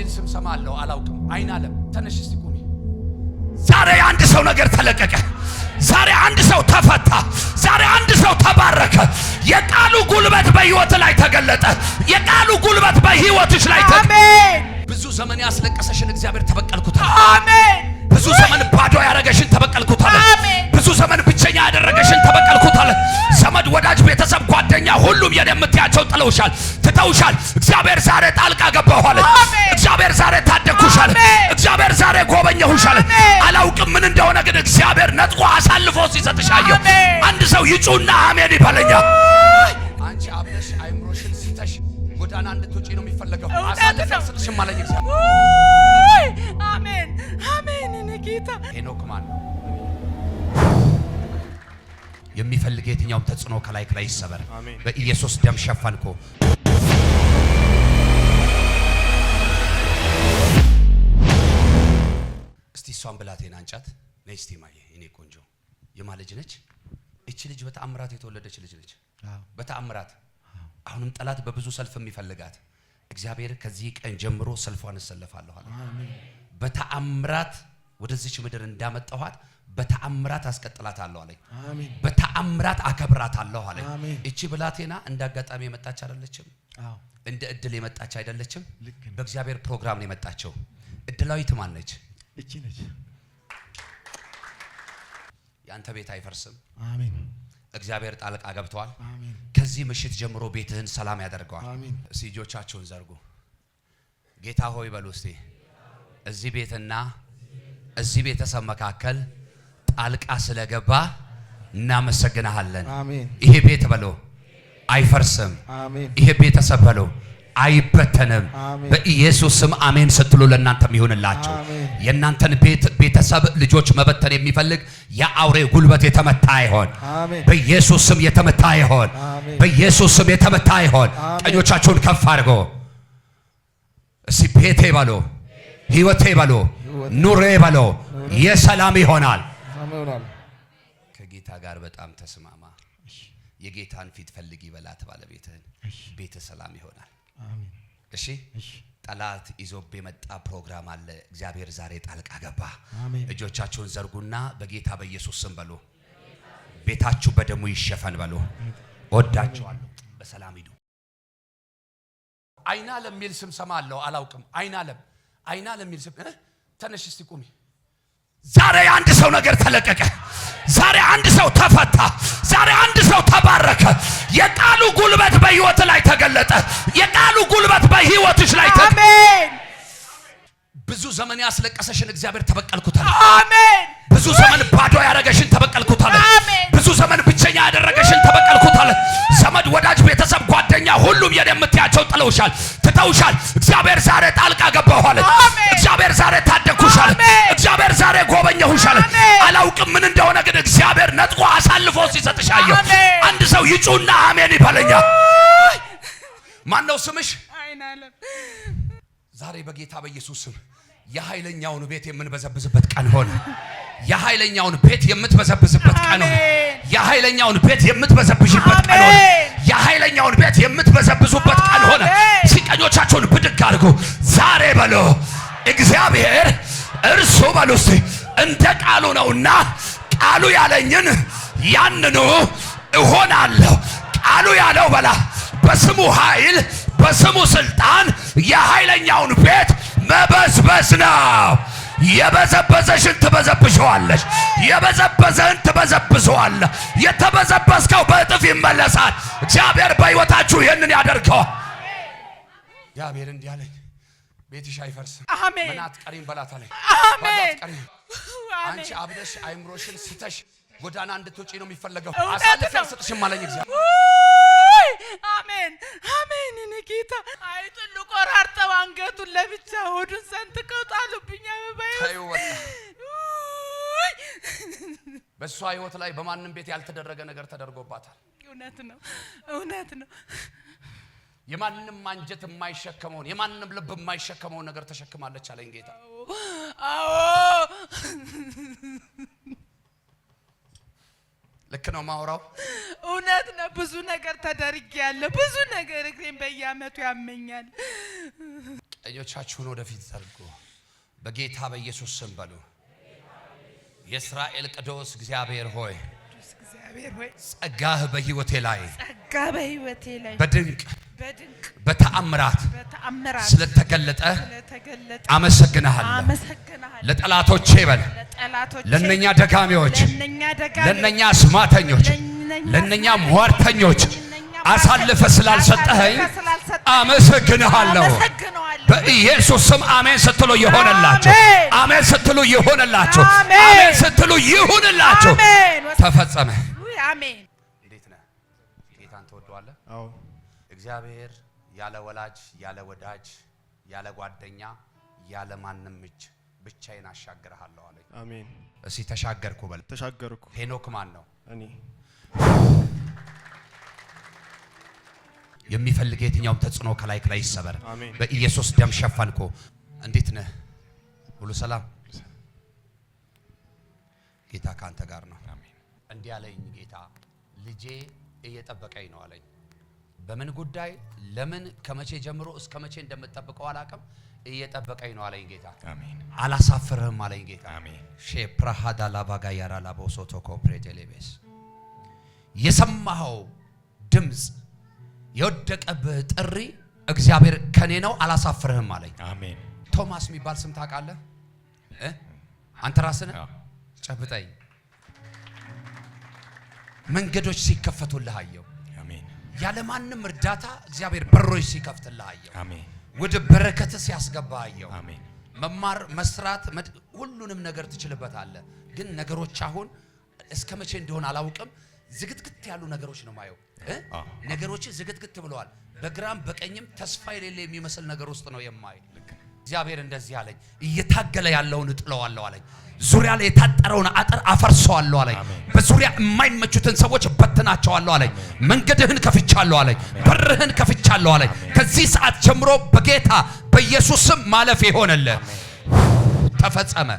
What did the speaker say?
የሚል ስም ሰማለሁ፣ አላውቅም። አይን አለም ተነሽ፣ እስቲ ቁሚ። ዛሬ አንድ ሰው ነገር ተለቀቀ። ዛሬ አንድ ሰው ተፈታ። ዛሬ አንድ ሰው ተባረከ። የቃሉ ጉልበት በህይወት ላይ ተገለጠ። የቃሉ ጉልበት በህይወትሽ ላይ አሜን። ብዙ ዘመን ያስለቀሰሽን እግዚአብሔር ተበቀልኩት። አሜን። ብዙ ዘመን ባዶ ያረገሽን ተበቀልኩት። አሜን። ብዙ ዘመን ብቸኛ ያደረገሽን ወዳጅ፣ ቤተሰብ፣ ጓደኛ ሁሉም የኔ ጥለውሻል፣ ትተውሻል። እግዚአብሔር ዛሬ ጣልቃ ገባኋለ። እግዚአብሔር ዛሬ ታደግኩሻለ። እግዚአብሔር ዛሬ ጎበኘሁሻል። አላውቅም ምን እንደሆነ ግን እግዚአብሔር ነጥቆ አሳልፎ ሲሰጥሻየሁ። አንድ ሰው ይጩና አሜን ይበለኛ። አንቺ አብለሽ አይምሮሽን ሲተሽ ጎዳና እንድትወጪ ነው የሚፈለገው። አሳልፎ ስጥሽም አለኝ እግዚአብሔር። አሜን አሜን። ጌታ ሄኖክ ማን ነው? የሚፈልግ የትኛውም ተጽዕኖ ከላይ ከላይ ይሰበር በኢየሱስ ደም ሸፈንኩ። እስቲ እሷን ብላቴን አንጫት ነይ እስቲ ማየ እኔ ቆንጆ የማ ልጅ ነች እቺ ልጅ በተአምራት የተወለደች ልጅ ነች። በተአምራት አሁንም ጠላት በብዙ ሰልፍ የሚፈልጋት እግዚአብሔር ከዚህ ቀን ጀምሮ ሰልፏን እሰለፋለሁ አለ። በተአምራት ወደዚች ምድር እንዳመጣኋት በተአምራት አስቀጥላታለሁ አለኝ። በተአምራት አከብራታለሁ አለኝ። እቺ ብላቴና እንደ አጋጣሚ የመጣች አይደለችም። እንደ እድል የመጣች አይደለችም። በእግዚአብሔር ፕሮግራም ነው የመጣቸው። እድላዊት ማን ነች? እቺ ነች። ያንተ ቤት አይፈርስም። አሜን። እግዚአብሔር ጣልቃ ገብተዋል። ከዚህ ምሽት ጀምሮ ቤትህን ሰላም ያደርገዋል። እጆቻችሁን ዘርጉ። ጌታ ሆይ በሉ እስቲ እዚህ ቤትና እዚህ ቤተሰብ መካከል ጣልቃ ስለገባ እናመሰግናሃለን። ይሄ ቤት በሎ አይፈርስም። ይሄ ቤተሰብ በሎ አይበተንም። በኢየሱስ ስም አሜን ስትሉ ለእናንተም የሚሆንላቸው የእናንተን ቤት ቤተሰብ ልጆች መበተን የሚፈልግ የአውሬ ጉልበት የተመታ ይሆን። በኢየሱስ ስም የተመታ ይሆን። በኢየሱስ ስም የተመታ ይሆን። ቀኞቻችሁን ከፍ አድርጎ እስቲ ቤቴ በሎ፣ ህይወቴ በሎ፣ ኑሬ በሎ የሰላም ይሆናል። ይሆናል። ከጌታ ጋር በጣም ተስማማ። የጌታን ፊት ፈልግ ይበላት ባለቤትህን። ቤተ ሰላም ይሆናል። እሺ ጠላት ይዞብ የመጣ ፕሮግራም አለ። እግዚአብሔር ዛሬ ጣልቃ ገባ። እጆቻችሁን ዘርጉና በጌታ በኢየሱስ ስም በሉ። ቤታችሁ በደሙ ይሸፈን በሉ። ወዳችኋለሁ። በሰላም ሂዱ። አይናለም የሚል ስም ሰማለሁ። አላውቅም። አይናለም አይናለም የሚል ስም። ተነሽ እስቲ ቁሚ ዛሬ አንድ ሰው ነገር ተለቀቀ። ዛሬ አንድ ሰው ተፈታ። ዛሬ አንድ ሰው ተባረከ። የቃሉ ጉልበት በህይወት ላይ ተገለጠ። የቃሉ ጉልበት በህይወትሽ ላይ ተገለጠ። ብዙ ዘመን ያስለቀሰሽን እግዚአብሔር ተበቀልኩታል። አሜን። ብዙ ዘመን ባዶ ያደረገሽን ተበቀልኩታል። አሜን። ብዙ ዘመን ብቸኛ ያደረገሽን ተበቀልኩታል። ዘመድ፣ ወዳጅ፣ ቤተሰብ፣ ጓደኛ ሁሉም የምትያቸው ጥለውሻል፣ ትተውሻል። እግዚአብሔር ዛሬ ጣልቃ ገባኋል። እግዚአብሔር ዛሬ ታደግኩሻል። እግዚአብሔር ዛሬ ጎበኘሁሻል። አላውቅም ምን እንደሆነ ግን እግዚአብሔር ነጥቆ አሳልፎ ሲሰጥሻለሁ። አንድ ሰው ይጩና አሜን ይበለኛ። ማን ነው ስምሽ? ዛሬ በጌታ በኢየሱስ ስም የኃይለኛውን ቤት የምንበዘብዝበት ቀን ሆነ። የኃይለኛውን ቤት የምትበዘብዝበት ቀን ሆነ። የኃይለኛውን ቤት የምትበዘብዥበት ቀን ሆነ። የኃይለኛውን ቤት የምትበዘብዙበት ቀን ሆነ። ሲቀኞቻቸውን ብድግ አድርጉ ዛሬ በሎ እግዚአብሔር እርሱ በሉ እስቲ እንደ ቃሉ ነውና ቃሉ ያለኝን ያንኑ እሆናለሁ። ቃሉ ያለው በላ በስሙ ኃይል በስሙ ስልጣን የኃይለኛውን ቤት መበዝበዝ ነው። የበዘበዘሽን ትበዘብሸዋለሽ፣ የበዘበዘን ትበዘብዘዋለ። የተበዘበዝከው በእጥፍ ይመለሳል። እግዚአብሔር በሕይወታችሁ ይህንን ያደርገዋል። እግዚአብሔር እንዲህ አለኝ ቤትሽ አይፈርስም። አሜን። መናት ቀሪን በላት አለኝ። አሜን። አንቺ አብደሽ አይምሮሽን ስተሽ ጎዳና እንድትወጪ ነው የሚፈለገው። አሳልፌ አልሰጥሽም አለኝ እግዚአብሔር። አሜን አሜን። እኔ ጌታ አይጡን ቆራርጠው አንገቱን ለብቻ ሆዱን ሰንጥቀው ጣሉብኝ። አበባዬ በእሷ ህይወት ላይ በማንም ቤት ያልተደረገ ነገር ተደርጎባታል። እውነት ነው፣ እውነት ነው። የማንም አንጀት የማይሸከመውን የማንም ልብ የማይሸከመውን ነገር ተሸክማለች አለኝ ጌታ። አዎ ልክ ነው ማውራው፣ እውነት ነው። ብዙ ነገር ተደርጌያለሁ። ብዙ ነገር እግሬን በየአመቱ ያመኛል። ቀኞቻችሁን ወደፊት ዘርጉ፣ በጌታ በኢየሱስ ስም በሉ። የእስራኤል ቅዱስ እግዚአብሔር ሆይ ጸጋህ ላይ ጸጋ በህይወቴ ላይ በድንቅ በተአምራት ስለተገለጠ አመሰግናለሁ። ለጠላቶቼ በል ለነኛ ደጋሚዎች፣ ለነኛ አስማተኞች፣ ለነኛ ሟርተኞች አሳልፈ ስላልሰጠኸኝ አመሰግንሃለሁ። በኢየሱስ ስም አሜን ስትሉ ይሆንላችሁ። አሜን ስትሉ ይሆንላችሁ። አሜን ስትሉ ይሁንላችሁ። ተፈጸመ። አሜን። እግዚአብሔር ያለ ወላጅ ያለ ወዳጅ ያለ ጓደኛ ያለ ማንም እጅ ብቻዬን አሻግርሃለሁ አለኝ። አሜን። እስቲ ተሻገርኩ በል። ተሻገርኩ። ሄኖክ ማን ነው? እኔ የሚፈልግ የትኛውም ተጽዕኖ ከላይ ከላይ ይሰበር። በኢየሱስ ደም ሸፈንኩ። እንዴት ነህ? ሁሉ ሰላም? ጌታ ከአንተ ጋር ነው። እንዲህ አለኝ ጌታ፣ ልጄ እየጠበቀኝ ነው አለኝ። በምን ጉዳይ ለምን ከመቼ ጀምሮ እስከ መቼ እንደምጠብቀው አላቅም። እየጠበቀኝ ነው አለኝ ጌታ። አሜን። አላሳፍርህም አለኝ ጌታ። አሜን። ሼ ፕራሃዳ ላባጋ ያራ ላቦ ሶቶ ኮፕሬቴ ሌቤስ የሰማኸው ድምፅ የወደቀብህ ጥሪ እግዚአብሔር ከኔ ነው አላሳፍርህም አለኝ። አሜን። ቶማስ የሚባል ስም ታውቃለህ አንተ ራስን ጨብጠኝ። መንገዶች ሲከፈቱልህ አየው። ያለማንም እርዳታ እግዚአብሔር በሮች ሲከፍትልህ አየሁ። አሜን። ወደ በረከት ሲያስገባ አየሁ። አሜን። መማር፣ መስራት፣ ሁሉንም ነገር ትችልበታለህ። ግን ነገሮች አሁን እስከ መቼ እንደሆነ አላውቅም፣ ዝግትግት ያሉ ነገሮች ነው ማየው። ነገሮች ዝግትግት ብለዋል። በግራም በቀኝም ተስፋ የሌለ የሚመስል ነገር ውስጥ ነው የማይ እግዚአብሔር እንደዚህ አለኝ፣ እየታገለ ያለውን እጥለዋለሁ አለኝ። ዙሪያ ላይ የታጠረውን አጥር አፈርሰዋለሁ አለኝ። በዙሪያ የማይመቹትን ሰዎች በትናቸዋለሁ አለኝ። መንገድህን ከፍቻለሁ አለኝ። በርህን ከፍቻለሁ አለኝ። ከዚህ ሰዓት ጀምሮ በጌታ በኢየሱስም ማለፍ ይሆንልህ። ተፈጸመ።